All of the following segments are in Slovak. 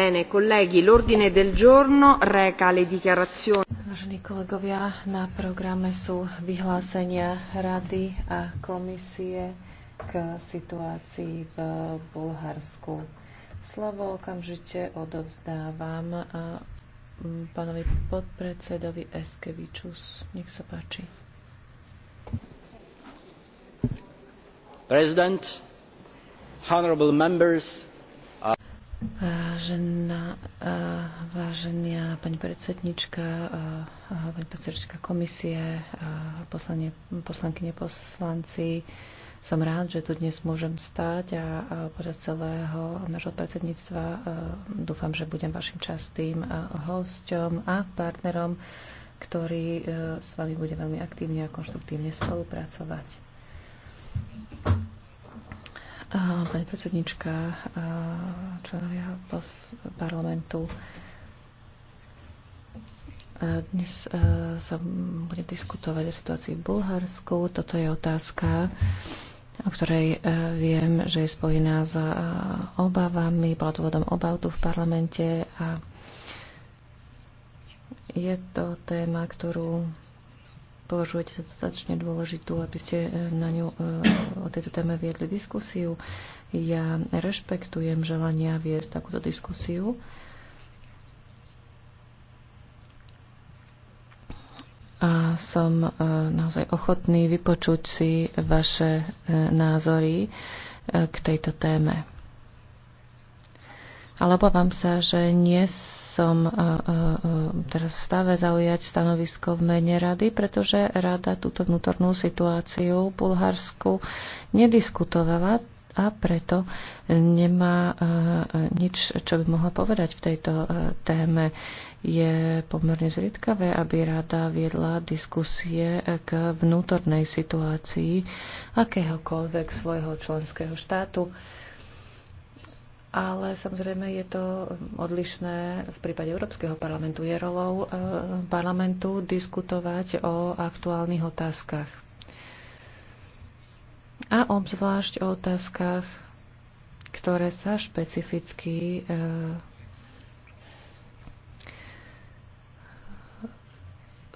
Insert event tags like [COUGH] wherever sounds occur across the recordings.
Bene, colleghi, l'ordine del giorno reca le dichiarazioni. Vážení kolegovia, na programe sú vyhlásenia Rady a komisie k situácii v Bulharsku. Slovo okamžite odovzdávam pánovi podpredsedovi Eskevičus. Nech sa páči. President, honorable members, Vážená, e, vážená pani predsednička, e, e, pani predsednička komisie, poslanie, poslankyne, poslanci, som rád, že tu dnes môžem stať a podľa celého nášho predsedníctva dúfam, že budem vašim častým hosťom a partnerom, ktorý s vami bude veľmi aktívne a konštruktívne spolupracovať. Pani predsednička, členovia parlamentu, dnes sa bude diskutovať o situácii v Bulharsku. Toto je otázka, o ktorej viem, že je spojená s obavami, bola dôvodom obav tu v parlamente a je to téma, ktorú Považujete sa dostatočne dôležitú, aby ste e, na ňu e, o tejto téme viedli diskusiu. Ja rešpektujem želania viesť takúto diskusiu. A som e, naozaj ochotný vypočuť si vaše názory k tejto téme. Ale obávam sa, že nie som teraz v stave zaujať stanovisko v mene rady, pretože rada túto vnútornú situáciu v Bulharsku nediskutovala a preto nemá nič, čo by mohla povedať v tejto téme. Je pomerne zriedkavé, aby rada viedla diskusie k vnútornej situácii akéhokoľvek svojho členského štátu ale samozrejme je to odlišné v prípade Európskeho parlamentu. Je rolou e, parlamentu diskutovať o aktuálnych otázkach. A obzvlášť o otázkach, ktoré sa špecificky e,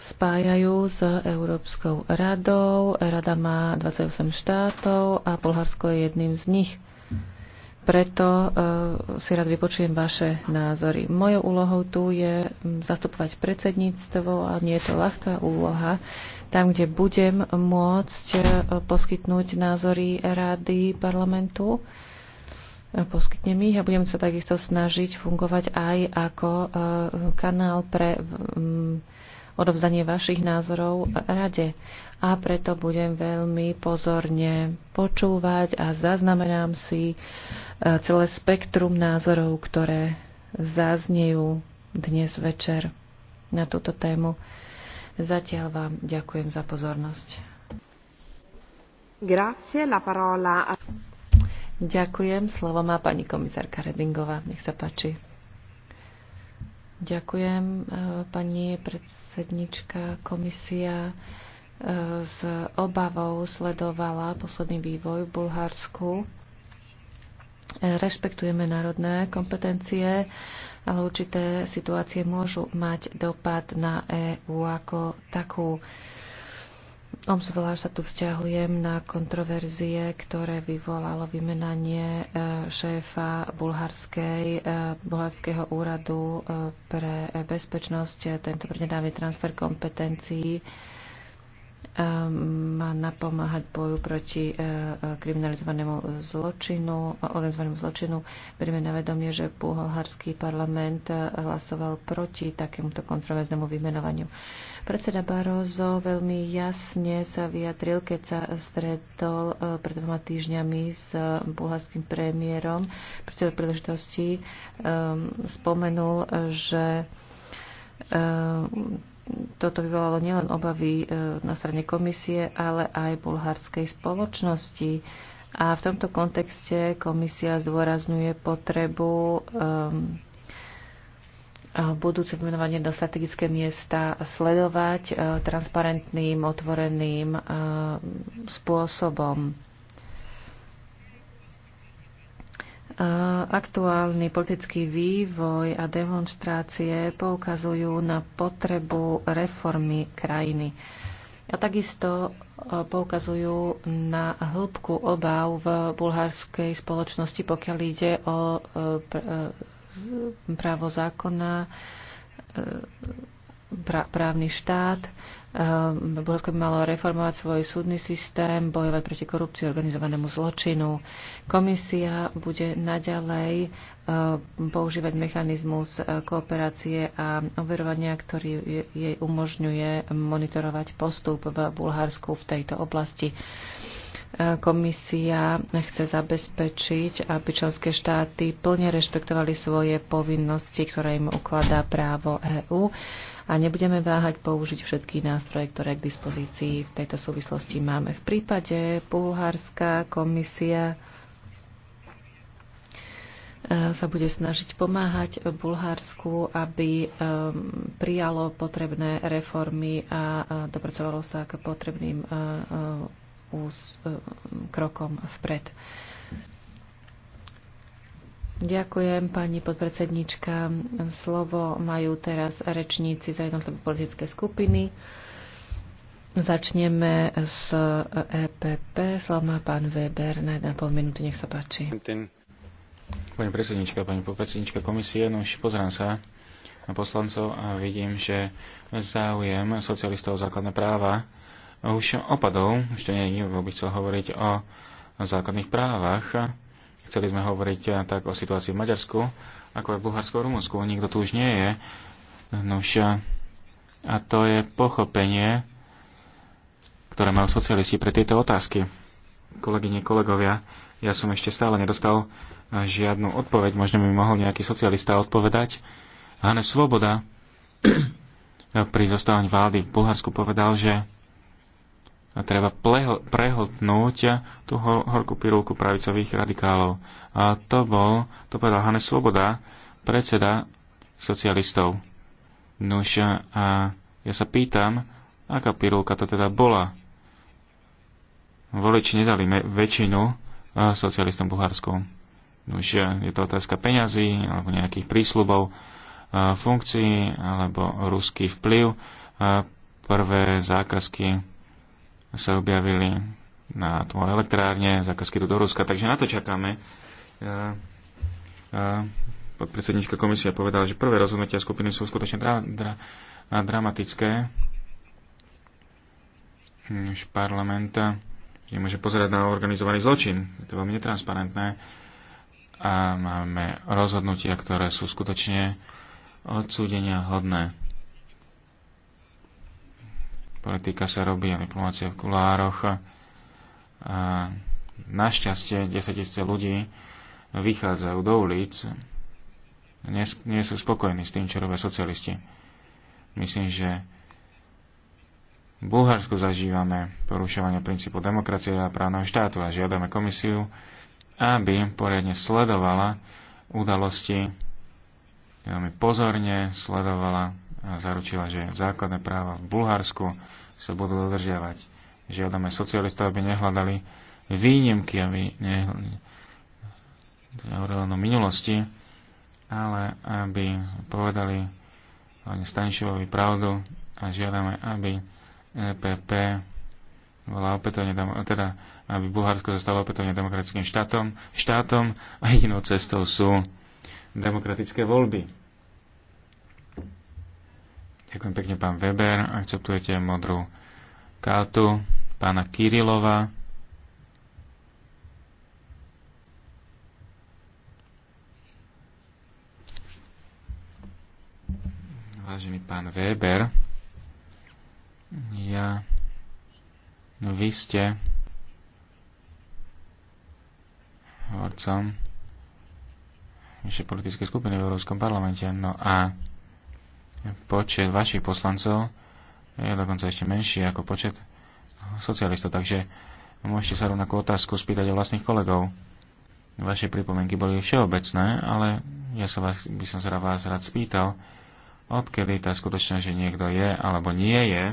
spájajú s Európskou radou. Rada má 28 štátov a Bulharsko je jedným z nich. Preto e, si rád vypočujem vaše názory. Mojou úlohou tu je zastupovať predsedníctvo a nie je to ľahká úloha. Tam, kde budem môcť e, poskytnúť názory rády parlamentu, e, poskytnem ich a budem sa takisto snažiť fungovať aj ako kanál pre odovzdanie vašich názorov rade. A preto budem veľmi pozorne počúvať a zaznamenám si e, celé spektrum názorov, ktoré zaznejú dnes večer na túto tému. Zatiaľ vám ďakujem za pozornosť. Grazie, la parola. Ďakujem. Slovo má pani komisárka Redingová. Nech sa páči. Ďakujem, e, pani predsednička. Komisia e, s obavou sledovala posledný vývoj v Bulharsku. E, rešpektujeme národné kompetencie, ale určité situácie môžu mať dopad na EÚ ako takú. Obzvlášť sa tu vzťahujem na kontroverzie, ktoré vyvolalo vymenanie e, šéfa bulharskej, e, bulharského úradu e, pre bezpečnosť, tento prednedávny transfer kompetencií má napomáhať boju proti e, e, kriminalizovanému zločinu, organizovanému zločinu. Berieme na vedomie, že bulharský parlament e, hlasoval proti takémuto kontroverznému vymenovaniu. Predseda Barozo veľmi jasne sa vyjadril, keď sa stretol pred dvoma týždňami s bulharským premiérom. Pri tejto príležitosti spomenul, že toto vyvolalo nielen obavy e, na strane komisie, ale aj bulharskej spoločnosti. A v tomto kontexte komisia zdôrazňuje potrebu um, budúce vymenovanie do strategické miesta sledovať e, transparentným, otvoreným e, spôsobom. Aktuálny politický vývoj a demonstrácie poukazujú na potrebu reformy krajiny. A takisto e, poukazujú na hĺbku obáv v bulharskej spoločnosti, pokiaľ ide o e, e, právo zákona, právny štát Ehm, Bulharsko by malo reformovať svoj súdny systém, bojovať proti korupcii, organizovanému zločinu. Komisia bude naďalej ehm, používať mechanizmus e, kooperácie a overovania, ktorý jej umožňuje monitorovať postup v Bulharsku v tejto oblasti. E, Komisia chce zabezpečiť, aby členské štáty plne rešpektovali svoje povinnosti, ktoré im ukladá právo EÚ a nebudeme váhať použiť všetky nástroje, ktoré k dispozícii v tejto súvislosti máme. V prípade Bulharská komisia e, sa bude snažiť pomáhať Bulharsku, aby e, prijalo potrebné reformy a e, dopracovalo sa k potrebným krokom vpred. Ďakujem, pani podpredsednička. Slovo majú teraz rečníci za jednotlivé politické skupiny. Začneme s EPP. Slovo má pán Weber na 1,5 minúty. Nech sa páči. Pani predsednička, pani podpredsednička komisie, no už pozrám sa na poslancov a vidím, že záujem socialistov o základné práva už opadol. Už to nie je, lebo by chcel hovoriť o základných právach. Chceli sme hovoriť eh, tak o situácii v Maďarsku, ako aj v Bulharsku a Rumunsku. Nikto tu už nie je. Nož, eh, a to je pochopenie, ktoré majú socialisti pre tieto otázky. Kolegyne, kolegovia, ja som ešte stále nedostal eh, žiadnu odpoveď. Možno by mi mohol nejaký socialista odpovedať. Hane Svoboda pri zostávaní vlády v Bulharsku povedal, že a treba plehl, prehltnúť tú hor, horkú pirulku pravicových radikálov. A to bol, to povedal Hane Sloboda, predseda socialistov. Nuž a ja sa pýtam, aká pirulka to teda bola. Voliči nedali väčšinu socialistom Bulharskom. Nuž je to otázka peňazí alebo nejakých prísľubov, funkcií alebo ruský vplyv, prvé zákazky sa objavili na tvoje elektrárne, zákazky do Ruska, takže na to čakáme. Podpredsednička komisia povedala, že prvé rozhodnutia skupiny sú skutočne dra- dra- dramatické. Už parlament nemôže pozerať na organizovaný zločin. Je to veľmi netransparentné. A máme rozhodnutia, ktoré sú skutočne odsúdenia hodné. Politika sa robí a diplomácia v kulároch. A našťastie 10 tisíce ľudí vychádzajú do ulic, nie, nie sú spokojní s tým, čo robia socialisti. Myslím, že v Bulharsku zažívame porušovanie princípu demokracie a právneho štátu a žiadame komisiu, aby poriadne sledovala udalosti, veľmi pozorne sledovala zaručila, že základné práva v Bulharsku sa budú dodržiavať. Žiadame socialistov, aby nehľadali výnimky, aby nehovorili o minulosti, ale aby povedali pani Stanišovovi pravdu a žiadame, aby EPP bola opätovne, teda, aby Bulharsko zostalo opätovne demokratickým štátom, štátom a jedinou cestou sú demokratické voľby. Ďakujem pekne, pán Weber. Akceptujete modrú kartu pána Kirilova. Vážený pán Weber, ja... No vy ste hovorcom ešte politické skupiny v Európskom parlamente. No a počet vašich poslancov je dokonca ešte menší ako počet socialistov, takže môžete sa rovnako otázku spýtať o vlastných kolegov. Vaše pripomienky boli všeobecné, ale ja sa vás, by som sa vás rád spýtal, odkedy tá skutočnosť, že niekto je alebo nie je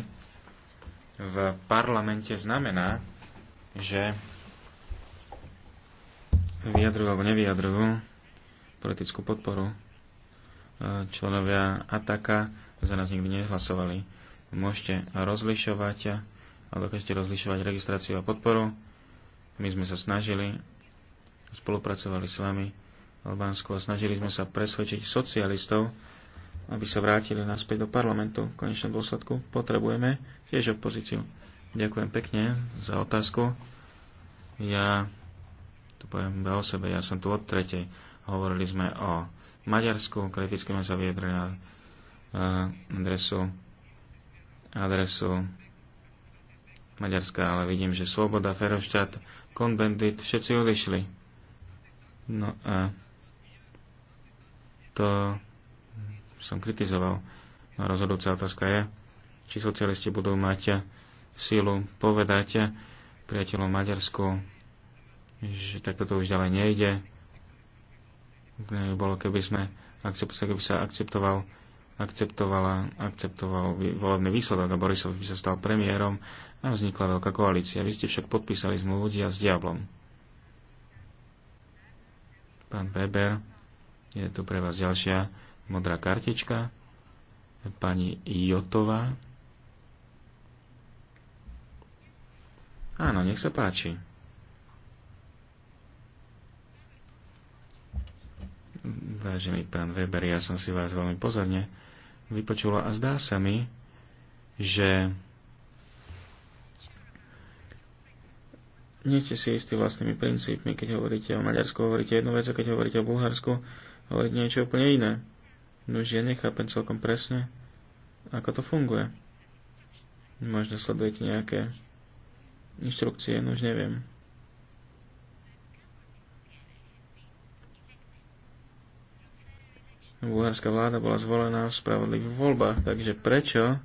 v parlamente znamená, že vyjadrujú alebo nevyjadrujú politickú podporu členovia Ataka za nás nikdy nehlasovali. Môžete rozlišovať, a dokážete rozlišovať registráciu a podporu. My sme sa snažili, spolupracovali s vami v Albánsku a snažili sme sa presvedčiť socialistov, aby sa vrátili naspäť do parlamentu. V konečnom dôsledku potrebujeme tiež opozíciu. Ďakujem pekne za otázku. Ja tu poviem o sebe, ja som tu od tretej. Hovorili sme o Maďarsku. Kriticky sme sa vyjadrili na e, adresu, adresu Maďarska, ale vidím, že Svoboda, Ferošťat, Konbendit, všetci odišli. No a to som kritizoval. No rozhodujúca otázka je, či socialisti budú mať sílu povedať priateľom Maďarsku, že takto to už ďalej nejde, by bolo, keby sme keby sa akceptoval akceptovala, akceptoval volebný výsledok a Borisov by sa stal premiérom a vznikla veľká koalícia. Vy ste však podpísali zmluvu dia s diablom. Pán Weber, je tu pre vás ďalšia modrá kartička. Pani Jotová. Áno, nech sa páči. Vážený pán Weber, ja som si vás veľmi pozorne vypočula a zdá sa mi, že nie ste si istí vlastnými princípmi. Keď hovoríte o Maďarsku, hovoríte jednu vec a keď hovoríte o Bulharsku, hovoríte niečo úplne iné. No už ja nechápem celkom presne, ako to funguje. Možno sledujete nejaké inštrukcie, no už neviem. bulharská vláda bola zvolená v spravodlivých voľbách. Takže prečo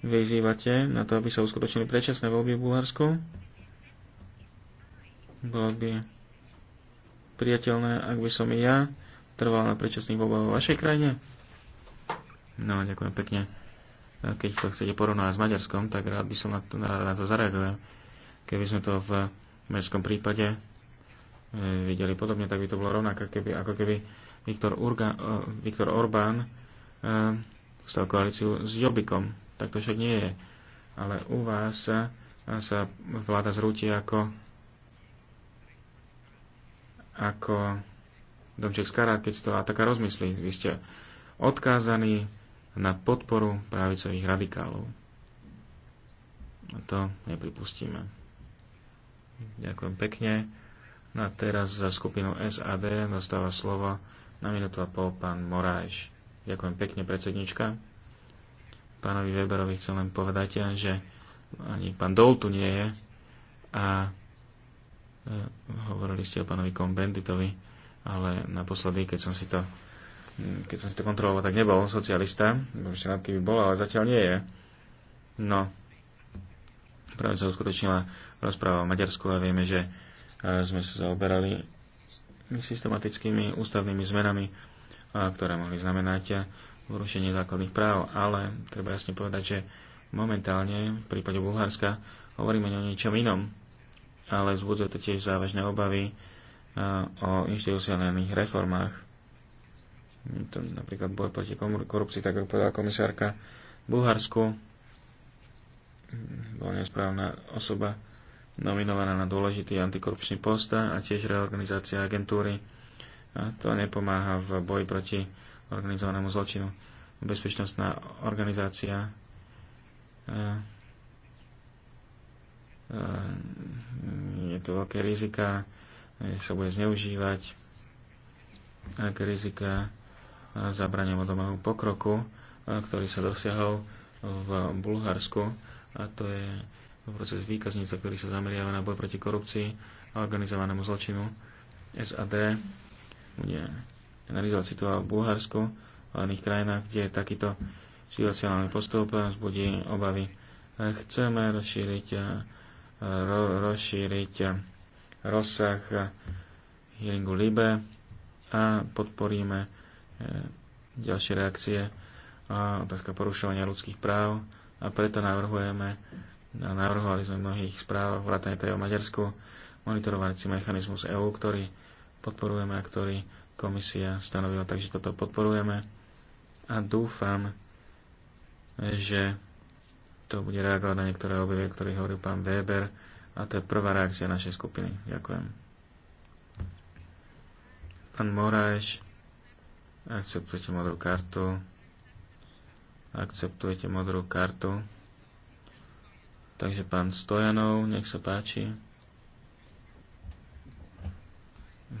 vyzývate na to, aby sa uskutočnili predčasné voľby v Bulharsku? Bolo by priateľné, ak by som i ja trval na predčasných voľbách vo vašej krajine? No, ďakujem pekne. Keď to chcete porovnať s Maďarskom, tak rád by som na to, na, to zareagoval. Keby sme to v maďarskom prípade Mm, videli podobne, tak by to bolo rovnaké, keby, ako keby Viktor, Urga, eh, Viktor Orbán eh, stal koalíciu s Jobikom. Tak to však nie je. Ale u vás sa, eh, sa vláda zrúti ako ako domček z karát, keď si to Ataka rozmyslí. Vy ste odkázaní na podporu právicových radikálov. A to nepripustíme. Ďakujem pekne. No a teraz za skupinu SAD dostáva slovo na minútu a pol pán Morajš. Ďakujem pekne, predsednička. Pánovi Weberovi chcem len povedať, že ani pán Dol tu nie je a e, hovorili ste o pánovi Kombenditovi, ale naposledy, keď som si to keď som si to kontroloval, tak nebol socialista, ešte nad tým by bol, ale zatiaľ nie je. No, práve sa uskutočnila rozpráva o Maďarsku a vieme, že sme sa zaoberali systematickými ústavnými zmenami, ktoré mohli znamenať porušenie základných práv. Ale treba jasne povedať, že momentálne v prípade Bulharska hovoríme o niečom inom, ale vzbudza to tiež závažné obavy o inštitucionálnych reformách. To napríklad boj proti korupcii, tak ako povedala komisárka, Bulharsku bola nesprávna osoba nominovaná na dôležitý antikorupčný post a tiež reorganizácia agentúry. A to nepomáha v boji proti organizovanému zločinu. Bezpečnostná organizácia je to veľké rizika, sa bude zneužívať, aké rizika zabrania vodomého pokroku, ktorý sa dosiahol v Bulharsku, a to je proces výkazníca, ktorý sa zameriava na boj proti korupcii a organizovanému zločinu. SAD bude analyzovať situáciu v Bulharsku a iných krajinách, kde takýto situacionálny postup vzbudí obavy. Chceme rozšíriť, eh, ro, rozšíriť rozsah hearingu LIBE a podporíme eh, ďalšie reakcie a otázka porušovania ľudských práv a preto navrhujeme a navrhovali sme v mnohých správach, vrátane tej o Maďarsku, monitorovací mechanizmus EÚ, ktorý podporujeme a ktorý komisia stanovila, takže toto podporujeme a dúfam, že to bude reagovať na niektoré objavy, ktoré ktorých hovoril pán Weber a to je prvá reakcia našej skupiny. Ďakujem. Pán Moraeš, akceptujete modrú kartu. Akceptujete modrú kartu. Takže pán Stojanov, nech sa páči.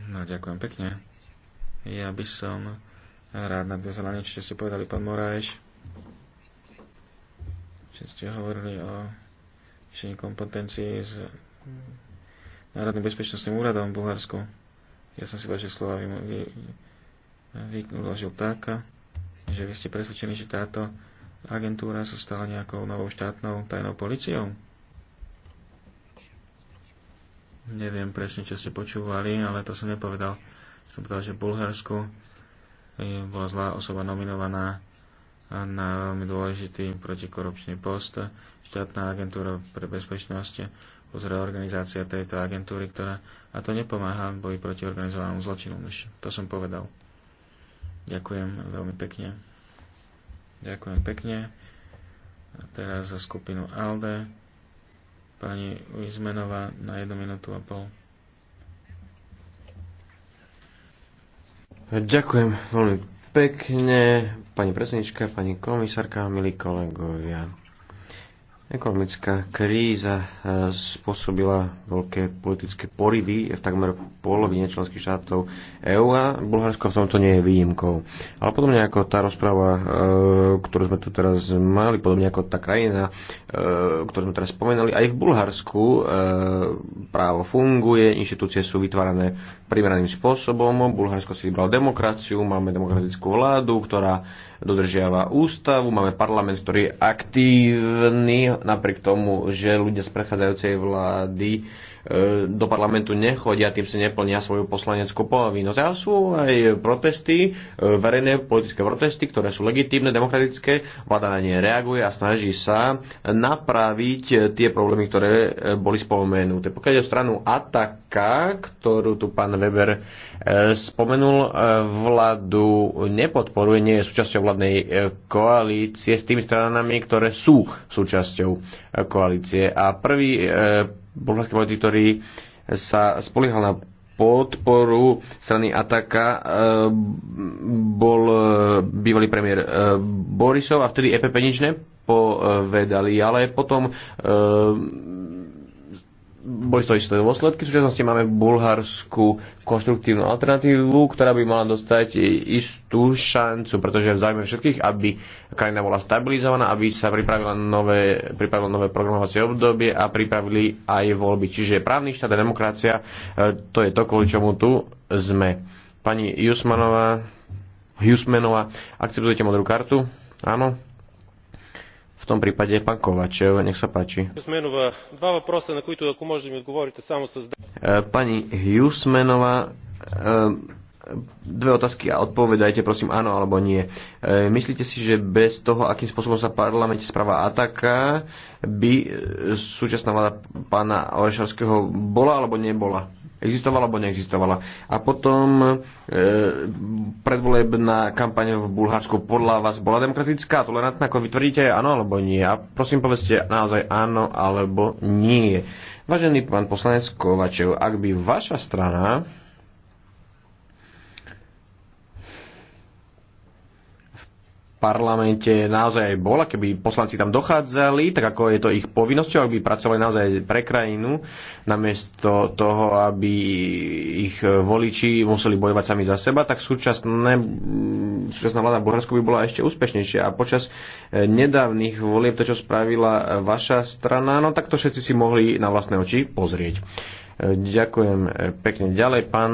No, ďakujem pekne. Ja by som rád nadviazala niečo, čo ste povedali, pán Moráš. Čo ste hovorili o šení kompetencií s Národným bezpečnostným úradom v Bulharsku. Ja som si vaše slova vy, vy, vy, vyložil tak, že vy ste presvedčení, že táto agentúra sa stala nejakou novou štátnou tajnou policiou? Neviem presne, čo ste počúvali, ale to som nepovedal. Som povedal, že v Bulharsku eh, bola zlá osoba nominovaná na veľmi dôležitý protikorupčný post. Štátna agentúra pre bezpečnosť Pozrie organizácia tejto agentúry, ktorá a to nepomáha boji proti organizovanému zločinu. To som povedal. Ďakujem veľmi pekne. Ďakujem pekne. A teraz za skupinu ALDE pani Vizmenová na 1 minútu a pol. Ďakujem veľmi pekne, pani predsednička, pani komisárka, milí kolegovia. Ekonomická kríza e, spôsobila veľké politické porivy v takmer polovine členských štátov EÚ a Bulharsko v tomto nie je výnimkou. Ale podobne ako tá rozpráva, e, ktorú sme tu teraz mali, podobne ako tá krajina, e, ktorú sme teraz spomenuli, aj v Bulharsku právo funguje, inštitúcie sú vytvárané primeraným spôsobom, Bulharsko si vybralo demokraciu, máme demokratickú vládu, ktorá dodržiava ústavu, máme parlament, ktorý je aktívny, napriek tomu, že ľudia z prechádzajúcej vlády E, do parlamentu nechodia, tým si neplnia svoju poslaneckú povinnosť. A sú aj protesty, e, verejné politické protesty, ktoré sú legitímne, demokratické, vláda na ne reaguje a snaží sa napraviť tie problémy, ktoré e, boli spomenuté. Pokiaľ je stranu Ataka, ktorú tu pán Weber spomenul, vládu nepodporuje, nie je súčasťou vládnej koalície s tými stranami, ktoré sú súčasťou koalície. A prvý bulharský politik, ktorý sa spoliehal na podporu strany Ataka e, bol e, bývalý premiér e, Borisov a vtedy EPP nič nepovedali, ale potom boli to isté dôsledky. V súčasnosti máme bulharskú konštruktívnu alternatívu, ktorá by mala dostať istú šancu, pretože je v záujme všetkých, aby krajina bola stabilizovaná, aby sa pripravila nové, pripravilo nové programovacie obdobie a pripravili aj voľby. Čiže právny štát a demokracia, e, to je to, kvôli čomu tu sme. Pani Jusmanová, Jusmenová, akceptujete modrú kartu? Áno v tom prípade pán Kovačev, nech sa páči. Pani Jusmenová, dve otázky a odpovedajte prosím áno alebo nie. Myslíte si, že bez toho, akým spôsobom sa parlamente správa ataka, by súčasná vláda pána Orešarského bola alebo nebola? existovala alebo neexistovala. A potom e, predvolebná kampaň v Bulharsku podľa vás bola demokratická, tolerantná, ako vytvrdíte, áno alebo nie. A prosím povedzte naozaj áno alebo nie. Vážený pán poslanec Kovačev, ak by vaša strana parlamente naozaj bola, keby poslanci tam dochádzali, tak ako je to ich povinnosťou, ak by pracovali naozaj pre krajinu, namiesto toho, aby ich voliči museli bojovať sami za seba, tak súčasné, súčasná vláda Bulharsku by bola ešte úspešnejšia. A počas eh, nedávnych volieb, to, čo spravila eh, vaša strana, no tak to všetci si mohli na vlastné oči pozrieť. Eh, ďakujem pekne. Ďalej, pán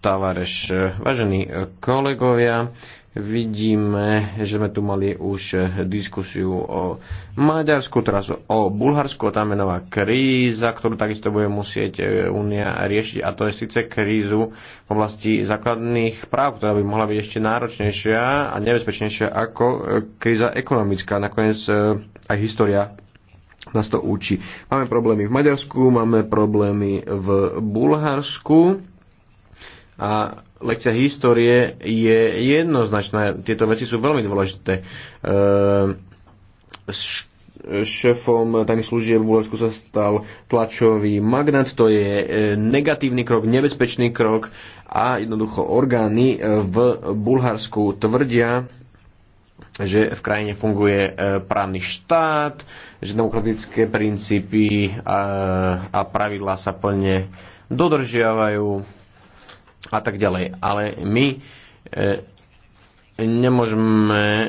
Tavareš. Vážení kolegovia, vidíme, že sme tu mali už diskusiu o Maďarsku, teraz o Bulharsku, tam je nová kríza, ktorú takisto bude musieť e, Únia riešiť a to je síce krízu v oblasti základných práv, ktorá by mohla byť ešte náročnejšia a nebezpečnejšia ako e, kríza ekonomická. Nakoniec e, aj história nás to učí. Máme problémy v Maďarsku, máme problémy v Bulharsku a lekcia histórie je jednoznačná. Tieto veci sú veľmi dôležité. Uh, šéfom tajných služieb v Bulharsku sa stal tlačový magnát. To je e, negatívny krok, nebezpečný krok a jednoducho orgány e, v Bulharsku tvrdia, že v krajine funguje e, právny štát, že demokratické princípy a, a pravidlá sa plne dodržiavajú a tak ďalej. Ale my e, nemôžeme e,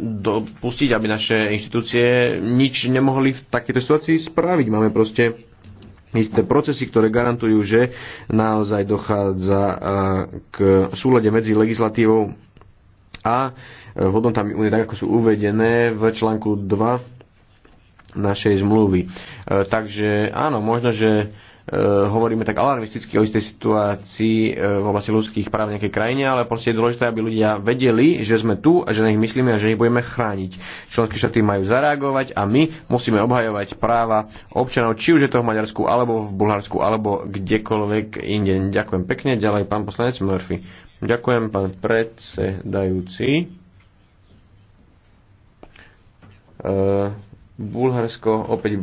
dopustiť, aby naše inštitúcie nič nemohli v takejto situácii spraviť. Máme proste isté procesy, ktoré garantujú, že naozaj dochádza e, k súlade medzi legislatívou a hodnotami únie, tak ako sú uvedené v článku 2 našej zmluvy. Takže áno, možno, že E, hovoríme tak alarmisticky o istej situácii e, v oblasti ľudských práv v nejakej krajine, ale proste je dôležité, aby ľudia vedeli, že sme tu a že na nich myslíme a že ich budeme chrániť. Členské štáty majú zareagovať a my musíme obhajovať práva občanov, či už je to v Maďarsku, alebo v Bulharsku, alebo kdekoľvek inde. Ďakujem pekne. Ďalej pán poslanec Murphy. Ďakujem, pán predsedajúci. Uh Bulharsko opäť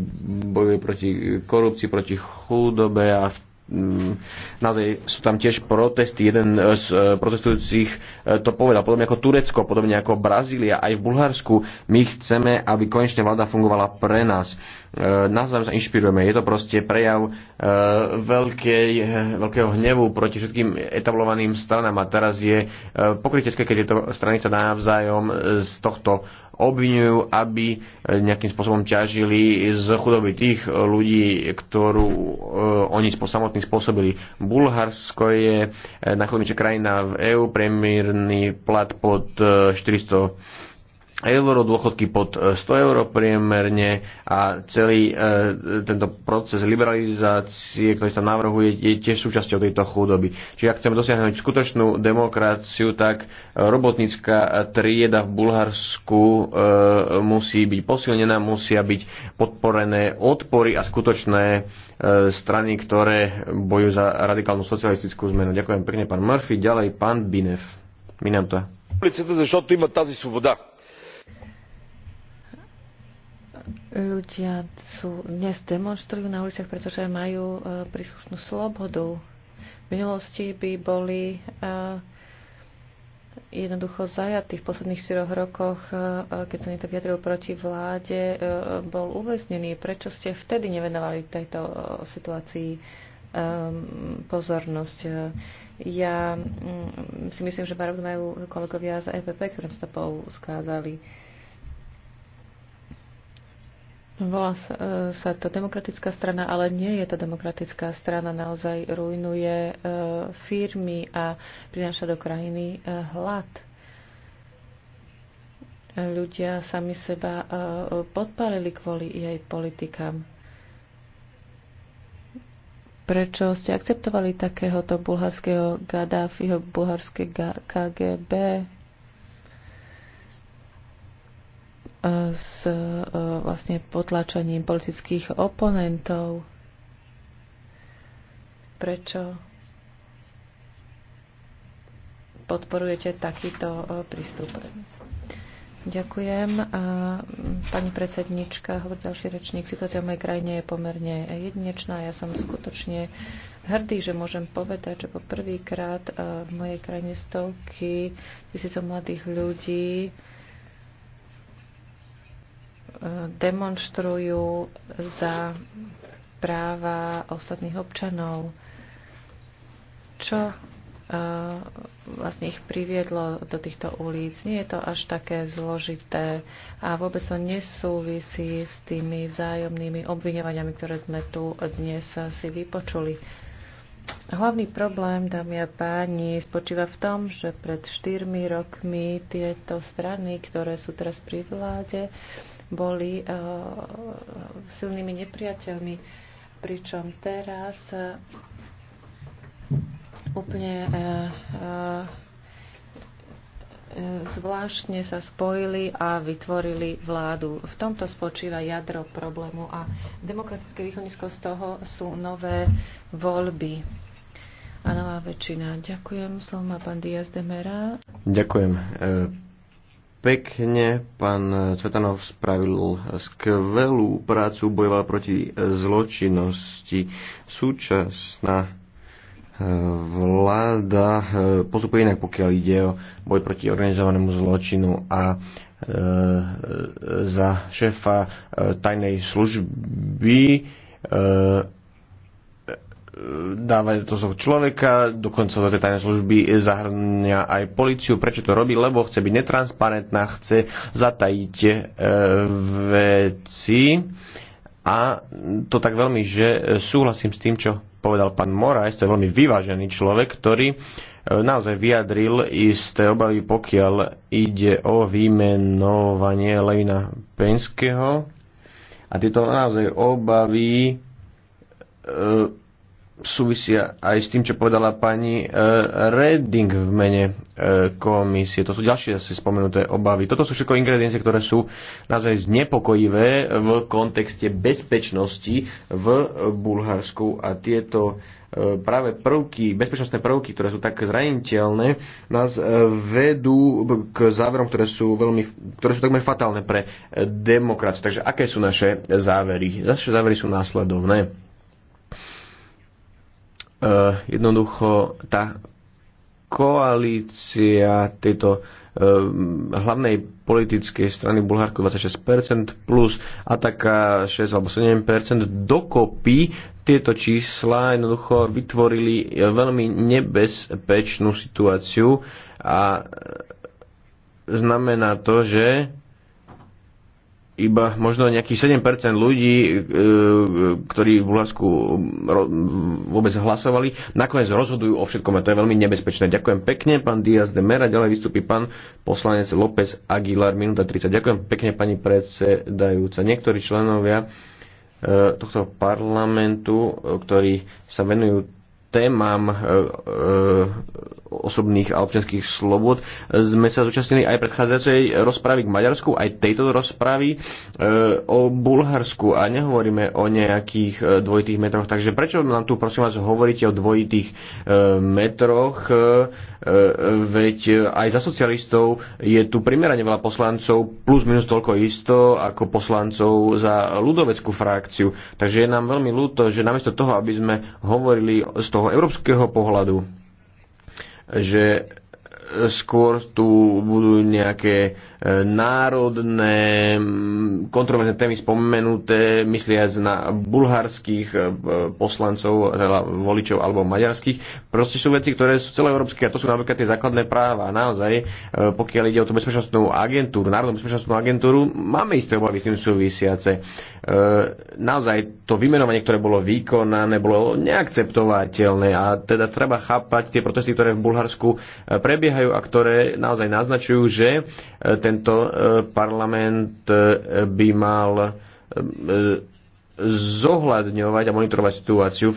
bojuje proti korupcii, proti chudobe a mm, naozaj sú tam tiež protesty. Jeden z e, protestujúcich e, to povedal, podobne ako Turecko, podobne ako Brazília, aj v Bulharsku. My chceme, aby konečne vláda fungovala pre nás E, navzájom sa inšpirujeme. Je to proste prejav e, veľkej, veľkého hnevu proti všetkým etablovaným stranám a teraz je e, pokrytecké, keď tieto strany sa navzájom z tohto obvinujú, aby nejakým spôsobom ťažili z chudoby tých ľudí, ktorú oni samotní spôsobili. Bulharsko je najchudobnejšia krajina v EÚ, premiérny plat pod 400 euro, dôchodky pod 100 e, eur priemerne a celý e, tento proces liberalizácie, ktorý sa navrhuje, je tiež súčasťou tejto chudoby. Čiže ak chceme dosiahnuť skutočnú demokraciu, tak robotnícka trieda v Bulharsku e, musí byť posilnená, musia byť podporené odpory a skutočné e, strany, ktoré bojujú za radikálnu socialistickú zmenu. Ďakujem pekne, pán Murphy. Ďalej, pán Binev. Minúta. zašto tu ima tazi svoboda. Ľudia sú dnes demonstrujú na uliciach, pretože majú e, príslušnú slobodu. V minulosti by boli e, jednoducho zajatí v posledných 4 rokoch, e, keď sa niekto vyjadril proti vláde, bol uväznený. Prečo ste vtedy nevenovali tejto situácii pozornosť? Ja mm, si myslím, že pravdu majú kolegovia z EPP, ktoré to pouskázali. Volá e, sa to demokratická strana, ale nie je to demokratická strana. Naozaj rujnuje e, firmy a prináša do krajiny e, hlad. Ľudia sami seba podpalili kvôli jej politikám. Prečo ste akceptovali takéhoto bulharského Gaddafiho, bulharské KGB? s e, vlastne potlačením politických oponentov. Prečo podporujete takýto e, prístup? Ďakujem. Pani predsednička, hovorí ďalší rečník, situácia v mojej krajine je pomerne jedinečná. Ja som skutočne hrdý, že môžem povedať, že po prvýkrát e, v mojej krajine stovky tisícov mladých ľudí demonstrujú za práva ostatných občanov. Čo e, vlastne ich priviedlo do týchto ulic. Nie je to až také zložité a vôbec to nesúvisí s tými vzájomnými obviňovaniami, ktoré sme tu dnes si vypočuli. Hlavný problém, dámy a páni, spočíva v tom, že pred štyrmi rokmi tieto strany, ktoré sú teraz pri vláde, boli eh, silnými nepriateľmi. Pričom teraz eh, úplne eh, zvláštne sa spojili a vytvorili vládu. V tomto spočíva jadro problému a demokratické východnisko z toho sú nové voľby. A nová väčšina. Ďakujem. Slovo má pán Diaz de Mera. Ďakujem pekne. Pán Cvetanov spravil skvelú prácu, bojoval proti zločinnosti. Súčasná e, vláda e, postupuje inak, pokiaľ ide o boj proti organizovanému zločinu a e, za šéfa tajnej služby dávať to toho človeka, dokonca do tej tajnej služby zahrňa aj policiu. Prečo to robí? Lebo chce byť netransparentná, chce zatajiť e, veci. A to tak veľmi, že súhlasím s tým, čo povedal pán Moraes, to je veľmi vyvážený človek, ktorý e, naozaj vyjadril isté obavy, pokiaľ ide o vymenovanie Levina Penského. A tieto naozaj obavy e, súvisia aj s tým, čo povedala pani e, Redding v mene e, komisie. To sú ďalšie asi spomenuté obavy. Toto sú všetko ingrediencie, ktoré sú naozaj znepokojivé v kontexte bezpečnosti v Bulharsku a tieto e, práve prvky, bezpečnostné prvky, ktoré sú tak zraniteľné, nás e, vedú k záverom, ktoré sú, veľmi, ktoré sú takmer fatálne pre demokraciu. Takže aké sú naše závery? Naše závery sú následovné Eh, jednoducho tá koalícia tejto eh, hlavnej politickej strany Bulharku 26% plus Ataka 6 alebo 7% dokopy tieto čísla jednoducho vytvorili veľmi nebezpečnú situáciu a eh, znamená to, že iba možno nejakých 7% ľudí, e, ktorí v Bulharsku vôbec hlasovali, nakoniec rozhodujú o všetkom a to je veľmi nebezpečné. Ďakujem pekne, pán Diaz de Mera, ďalej vystúpi pán poslanec López Aguilar, minúta 30. Ďakujem pekne, pani predsedajúca. Niektorí členovia e, tohto parlamentu, e, ktorí sa venujú témam osobných a občianských slobod. Sme sa zúčastnili aj predchádzajúcej rozpravy k Maďarsku, aj tejto rozpravy e, o Bulharsku a nehovoríme o nejakých e, dvojitých metroch. Takže prečo nám tu prosím vás hovoríte o dvojitých e, metroch? E, e, veď aj za socialistov je tu primerane veľa poslancov, plus minus toľko isto ako poslancov za ľudoveckú frakciu. Takže je nám veľmi ľúto, že namiesto toho, aby sme hovorili z toho európskeho pohľadu, že skôr tu budú nejaké e, národné kontroverzné témy spomenuté, mysliac na bulharských e, poslancov, teda voličov alebo maďarských. Proste sú veci, ktoré sú celoeurópske a to sú napríklad tie základné práva. A naozaj, e, pokiaľ ide o tú bezpečnostnú agentúru, národnú bezpečnostnú agentúru, máme isté obavy s tým súvisiace. Naozaj to vymenovanie, ktoré bolo vykonané, bolo neakceptovateľné a teda treba chápať tie protesty, ktoré v Bulharsku prebiehajú prebiehajú a ktoré naozaj naznačujú, že e, tento e, parlament e, by mal zohľadňovať a monitorovať situáciu,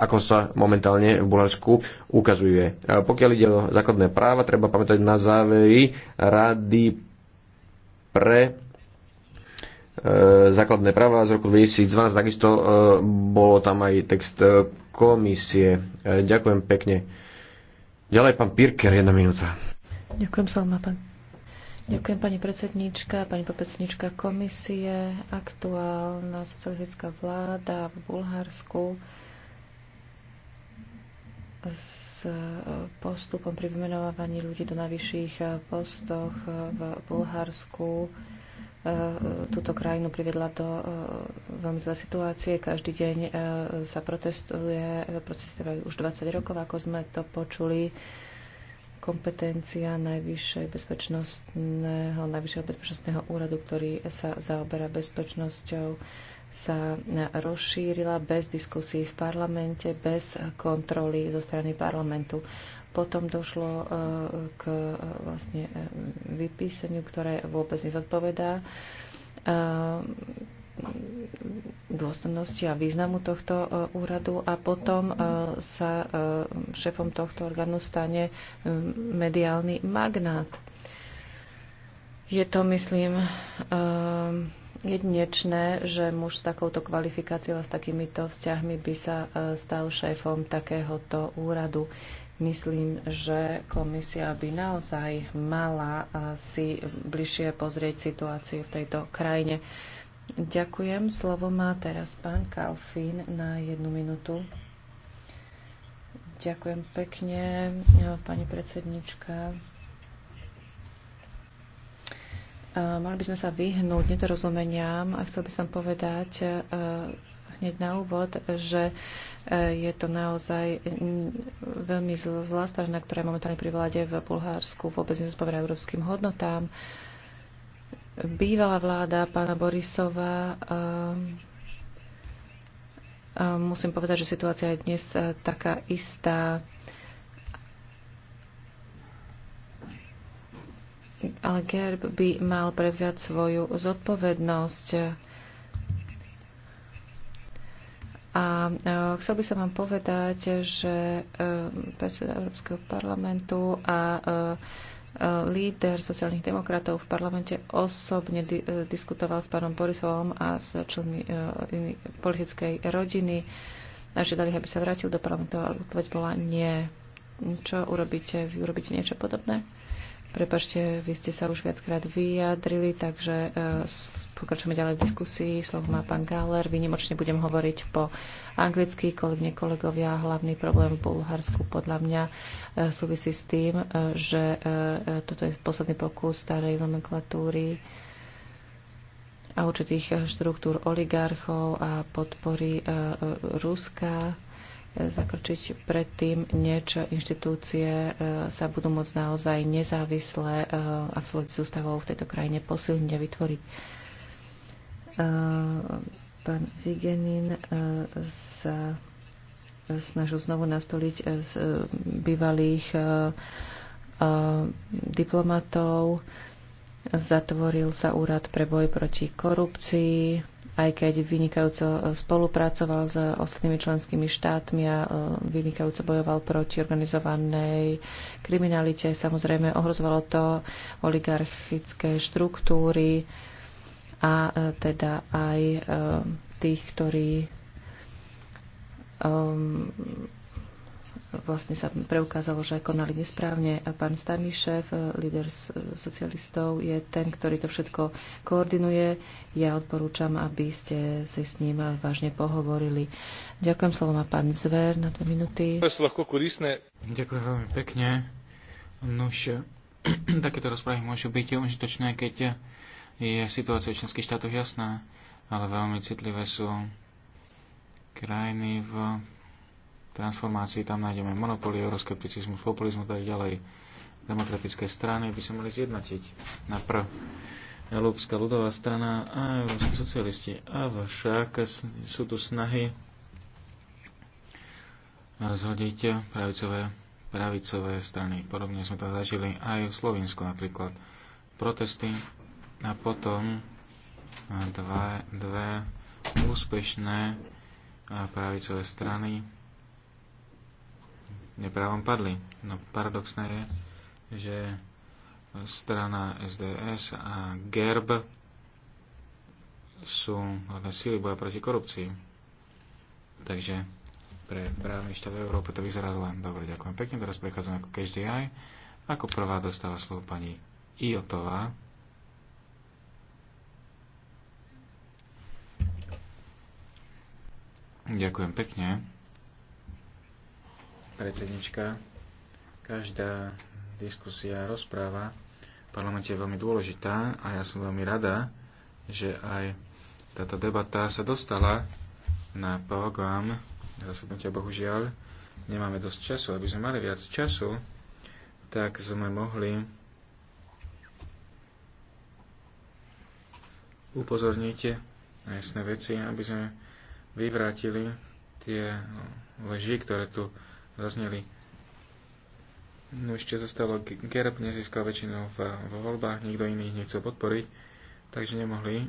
ako sa momentálne v Bulharsku ukazuje. Pokiaľ ide o základné práva, treba pamätať na závery Rady pre základné práva z roku 2012. Takisto bolo tam aj text komisie. Ďakujem pekne. Ďalej pán Pirker, jedna minúta. Ďakujem sa vám, pán. Ďakujem pani predsednička, pani popredsednička komisie, aktuálna socialistická vláda v Bulharsku s e, postupom pri vymenovávaní ľudí do najvyšších postoch v Bulharsku E, túto krajinu priviedla do e, veľmi zlé situácie. Každý deň e, sa protestuje, protestujú už 20 rokov, ako sme to počuli kompetencia najvyššej bezpečnostného, najvyššieho bezpečnostného úradu, ktorý sa zaoberá bezpečnosťou, sa rozšírila bez diskusí v parlamente, bez kontroly zo strany parlamentu. Potom došlo e, k e, vlastne e, vypíseniu, ktoré vôbec nezodpovedá dôstojnosti a významu tohto e, úradu a potom e, sa e, šéfom tohto orgánu stane mediálny magnát. Je to, myslím, jedinečné, že muž s takouto kvalifikáciou a s takýmito vzťahmi by sa stal šéfom takéhoto úradu. Myslím, že komisia by naozaj mala si bližšie pozrieť situáciu v tejto krajine. Ďakujem. Slovo má teraz pán Kalfín na jednu minútu. Ďakujem pekne, pani predsednička. Mali by sme sa vyhnúť nedorozumeniam a chcel by som povedať e, hneď na úvod, že e, je to naozaj veľmi zlá strana, ktorá je momentálne pri vláde v Bulharsku, vôbec nezodpovedá európskym hodnotám Bývalá vláda pána Borisova ehm, ehm, musím povedať, že situácia je dnes eh, taká istá. Ale Gerb by mal prevziať svoju zodpovednosť. A eh, chcel by som vám povedať, že eh, predseda Európskeho parlamentu a líder sociálnych demokratov v parlamente osobne di- eh, diskutoval s pánom Borisovom a s členmi e, politickej rodiny a žiadali, aby sa vrátil do parlamentu, a odpoveď bola nie. Čo urobíte? Vy urobíte niečo podobné? Prepašte, vy ste sa už viackrát vyjadrili, takže e, pokračujeme ďalej v diskusii. Slovo má pán Gáler. Vynimočne budem hovoriť po anglicky. kolegne kolegovia, hlavný problém v Bulharsku podľa mňa e, súvisí s tým, e, že toto je posledný pokus starej nomenklatúry a určitých štruktúr oligarchov a podpory Ruska zakročiť predtým, než inštitúcie e, sa budú môcť naozaj nezávisle e, a svojich sústavov v tejto krajine posilniť a vytvoriť. E, pán Vigenin sa snažil znovu nastoliť z bývalých diplomatov. Zatvoril sa úrad pre boj proti korupcii aj keď vynikajúco e, spolupracoval s ostatnými členskými štátmi a e, vynikajúco bojoval proti organizovanej kriminalite. Samozrejme, ohrozovalo to oligarchické štruktúry a e, teda aj tých, ktorí um, vlastne sa preukázalo, že konali nesprávne. A pán starý šéf, líder socialistov, je ten, ktorý to všetko koordinuje. Ja odporúčam, aby ste si s ním vážne pohovorili. Ďakujem slovo má pán Zver na dve minúty. Ďakujem veľmi pekne. Nož, [CLEARS THROAT] takéto rozprávy môžu byť užitočné, keď je situácia v členských štátoch jasná, ale veľmi citlivé sú krajiny v transformácii, tam nájdeme monopoly, euroskepticizmus, populizmu tak ďalej. Demokratické strany by sa mali zjednotiť na prv. Európska ľudová strana a európsky socialisti. Avšak sú tu snahy zhodiť pravicové, pravicové strany. Podobne sme to zažili aj v Slovensku napríklad. Protesty a potom dva, dve úspešné pravicové strany neprávom padli. No paradoxné je, že strana SDS a GERB sú hlavné síly boja proti korupcii. Takže pre právny štát v Európe to vyzerá zle. Dobre, ďakujem pekne. Teraz prechádzame ako každý aj. Ako prvá dostáva slovo pani Iotová. Ďakujem pekne predsednička. Každá diskusia, rozpráva v parlamente je veľmi dôležitá a ja som veľmi rada, že aj táto debata sa dostala na program zasadnutia. Bohužiaľ, nemáme dosť času. Aby sme mali viac času, tak sme mohli upozorniť na jasné veci, aby sme vyvrátili tie leži, ktoré tu zazneli. No ešte zostalo, Gerb nezískal väčšinu v, vo voľbách, nikto iný ich nechcel podporiť, takže nemohli e,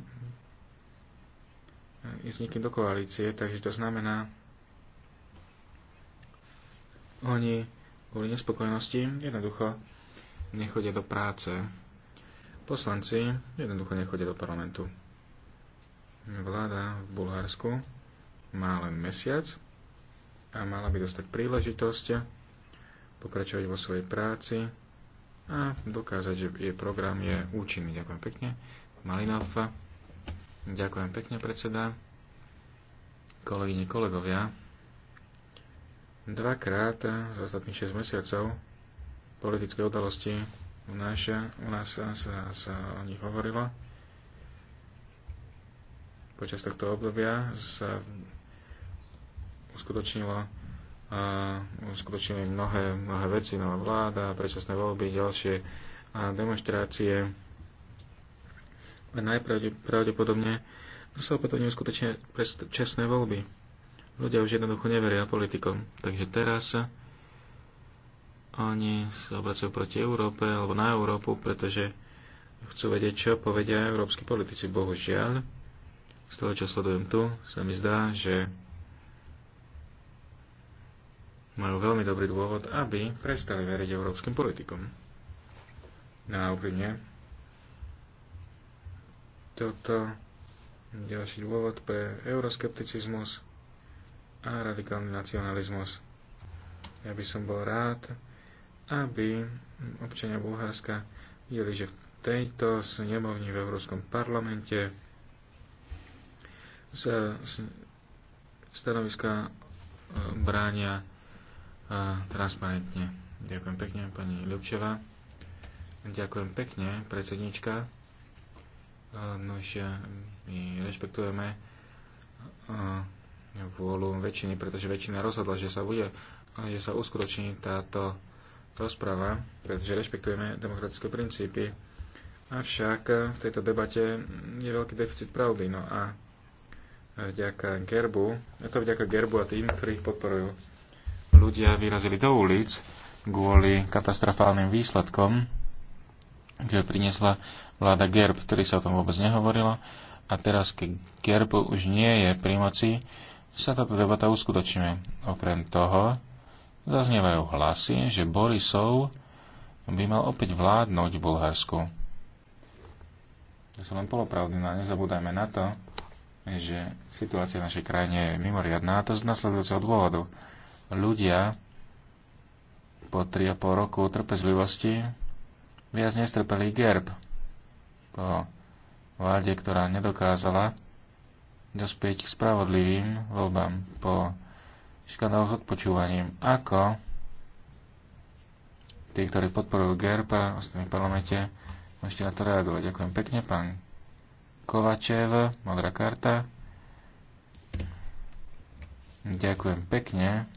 ísť nikým do koalície, takže to znamená, oni kvôli nespokojnosti jednoducho nechodia do práce. Poslanci jednoducho nechodia do parlamentu. Vláda v Bulharsku má len mesiac a mala by dostať príležitosť pokračovať vo svojej práci a dokázať, že jej program je účinný. Ďakujem pekne. Alfa. Ďakujem pekne, predseda. Kolegyne, kolegovia. Dvakrát za ostatných 6 mesiacov politické udalosti u u nás sa, sa, sa o nich hovorilo. Počas tohto obdobia sa uskutočnila uskutočnili mnohé, mnohé veci, nová vláda, predčasné voľby, ďalšie a demonstrácie. A najpravdepodobne sa opätovne uskutočnia predčasné voľby. Ľudia už jednoducho neveria politikom. Takže teraz oni sa obracujú proti Európe alebo na Európu, pretože chcú vedieť, čo povedia európsky politici. Bohužiaľ, z toho, čo sledujem tu, sa mi zdá, že majú veľmi dobrý dôvod, aby prestali veriť európskym politikom. No a úprimne, toto ďalší dôvod pre euroskepticizmus a radikálny nacionalizmus. Ja by som bol rád, aby občania Bulharska videli, že v tejto snemovni v Európskom parlamente sa stanoviska e, bránia transparentne. Ďakujem pekne, pani Ľubčeva. Ďakujem pekne, predsednička. Nože my rešpektujeme vôľu väčšiny, pretože väčšina rozhodla, že sa bude, že sa uskroční táto rozprava, pretože rešpektujeme demokratické princípy. Avšak v tejto debate je veľký deficit pravdy. No a vďaka Gerbu, a to vďaka Gerbu a tým, ktorých podporujú ľudia vyrazili do ulic kvôli katastrofálnym výsledkom, ktoré priniesla vláda Gerb, ktorý sa o tom vôbec nehovorilo. A teraz, keď Gerb už nie je pri moci, sa táto debata uskutočňuje. Okrem toho, zaznievajú hlasy, že Borisov by mal opäť vládnuť v Bulharsku. To sú len polopravdy, no nezabúdajme na to, že situácia v našej krajine je mimoriadná, a to z nasledujúceho dôvodu ľudia po 3,5 roku trpezlivosti viac nestrpeli gerb po vláde, ktorá nedokázala dospieť k spravodlivým voľbám po škandáloch s odpočúvaním. Ako tí, ktorí podporujú GERB a ostatní v parlamente, môžete na to reagovať. Ďakujem pekne, pán Kovačev, modrá karta. Ďakujem pekne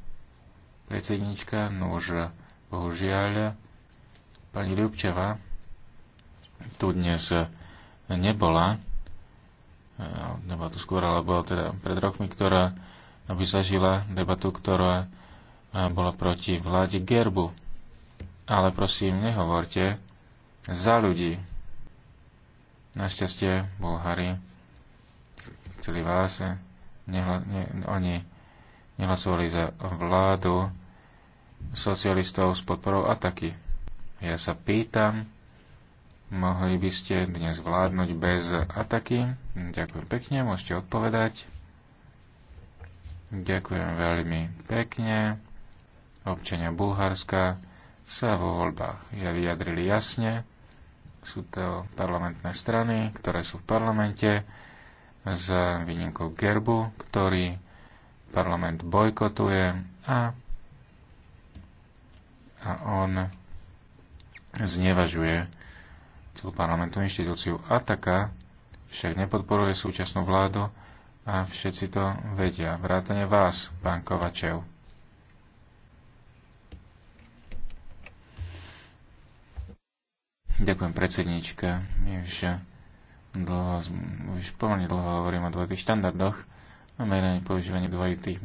predsednička, no už eh, bohužiaľ pani Ľubčeva tu dnes eh, nebola, debatu eh, tu skôr, alebo teda pred rokmi, ktorá aby zažila debatu, ktorá bola proti vláde Gerbu. Ale prosím, nehovorte za ľudí. Našťastie Bulhári chceli vás, nehla, ne, oni nehlasovali za vládu socialistov s podporou ataky. Ja sa pýtam, mohli by ste dnes vládnuť bez ataky? Ďakujem pekne, môžete odpovedať. Ďakujem veľmi pekne. Občania Bulharska sa vo voľbách ja vyjadrili jasne. Sú to parlamentné strany, ktoré sú v parlamente, za výnimkou Gerbu, ktorý parlament bojkotuje a, a on znevažuje celú parlamentnú inštitúciu. A taká však nepodporuje súčasnú vládu a všetci to vedia. Vrátane vás, pán Kovačev. Ďakujem, predsednička. Už, dlho, už pomerne dlho hovorím o dvojitých štandardoch meranie používanie dvojitých,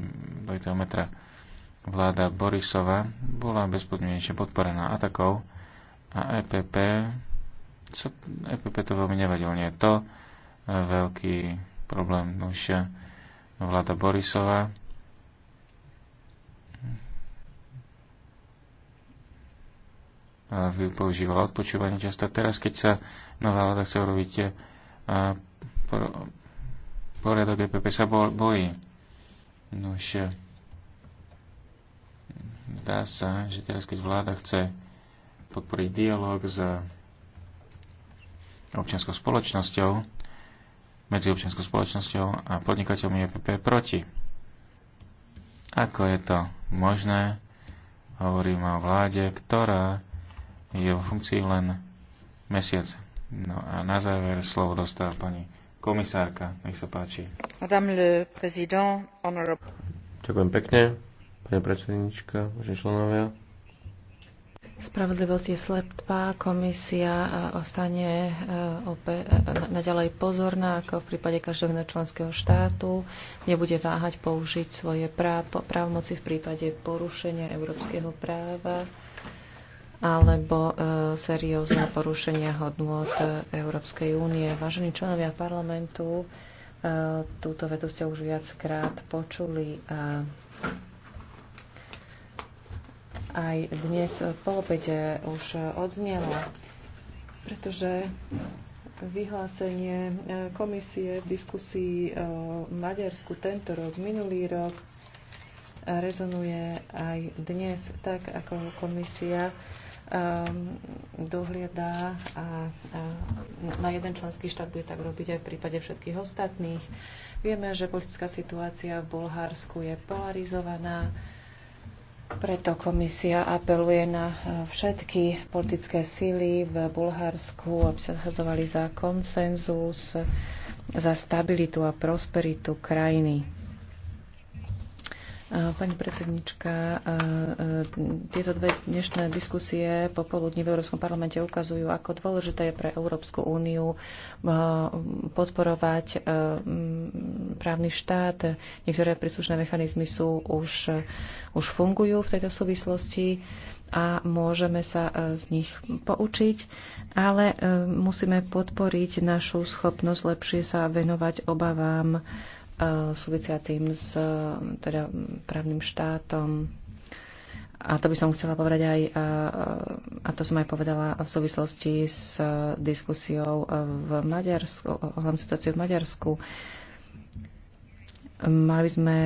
dvojitého metra. Vláda Borisova bola bezpodmienečne podporená atakou a EPP, sa, EPP to veľmi nevadilo. Nie je to e, veľký problém. Už e, vláda Borisova používala odpočúvanie často. Teraz, keď sa nová vláda chce urobiť e, poriadok EPP sa bojí. Nož, e, zdá sa, že teraz, keď vláda chce podporiť dialog s občianskou spoločnosťou, medzi občianskou spoločnosťou a podnikateľmi EPP proti. Ako je to možné? Hovorím o vláde, ktorá je vo funkcii len mesiac. No a na záver slovo dostáva pani komisárka. Nech sa páči. Madame le président, honorable. Ďakujem pekne, pani predsednička, vážení členovia. Spravodlivosť je slepá, komisia e, ostane e, opäť e, naďalej pozorná, ako v prípade každého členského štátu. Nebude váhať použiť svoje právomoci v prípade porušenia európskeho práva alebo e, seriózne porušenia hodnôt Európskej únie. Vážení členovia parlamentu, e, túto vetu ste už viackrát počuli a aj dnes po obede už odznela, pretože vyhlásenie e, komisie v diskusii o Maďarsku tento rok, minulý rok rezonuje aj dnes, tak ako komisia Ehm, dohliada a na jeden členský štát bude tak robiť aj v prípade všetkých ostatných. Vieme, že politická situácia v Bulharsku je polarizovaná, preto komisia apeluje na e, všetky politické síly v Bulharsku, aby sa zhazovali za konsenzus, za stabilitu a prosperitu krajiny. Pani predsednička, tieto dve dnešné diskusie popoludní v Európskom parlamente ukazujú, ako dôležité je pre Európsku úniu podporovať právny štát. Niektoré príslušné mechanizmy sú už, už fungujú v tejto súvislosti a môžeme sa z nich poučiť, ale musíme podporiť našu schopnosť lepšie sa venovať obavám Eh, súvisia tým s eh, teda, právnym štátom. A to by som chcela povedať aj, eh, a to som aj povedala v súvislosti s diskusiou v Maďarsku, ohľadom situáciu v Maďarsku. Mali by sme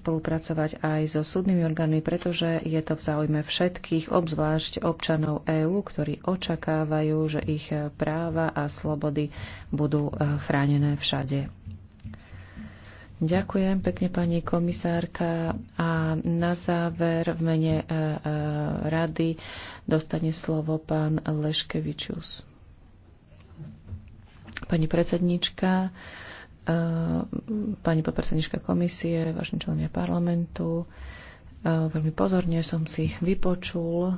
spolupracovať aj so súdnymi orgánmi, pretože je to v záujme všetkých, obzvlášť občanov EÚ, ktorí očakávajú, že ich práva a slobody budú chránené všade. Ďakujem pekne pani komisárka a na záver v mene e, e, rady dostane slovo pán Leškevičus. Pani predsednička, e, pani podpredsednička komisie, vážení členia parlamentu, veľmi pozorne som si vypočul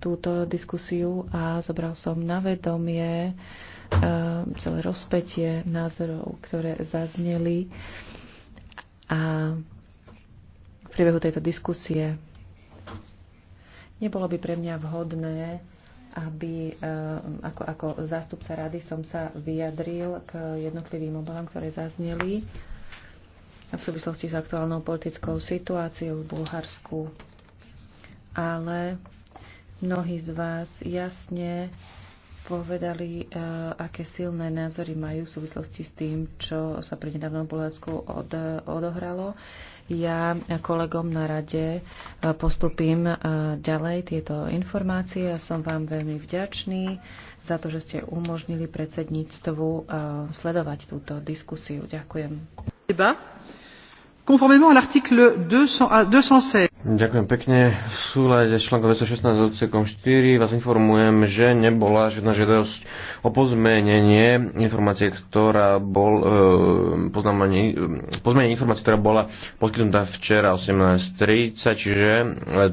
túto diskusiu a zobral som na vedomie e, celé rozpetie názorov, ktoré zazneli a v priebehu tejto diskusie nebolo by pre mňa vhodné, aby e, ako, ako zástupca rady som sa vyjadril k jednotlivým obavám, ktoré zazneli v súvislosti s aktuálnou politickou situáciou v Bulharsku. Ale Mnohí z vás jasne povedali, eh, aké silné názory majú v súvislosti s tým, čo sa pri nedávnom Bulharsku od, odohralo. Ja kolegom na rade eh, postupím eh, ďalej tieto informácie a ja som vám veľmi vďačný za to, že ste umožnili predsedníctvu sledovať túto diskusiu. Ďakujem. à l'article Ďakujem pekne. V súlade s článkom 216 odsekom 4 vás informujem, že nebola žiadna žiadosť o pozmenenie informácie, ktorá bol, e, e pozmenenie informácie, ktorá bola poskytnutá včera 18.30, čiže e,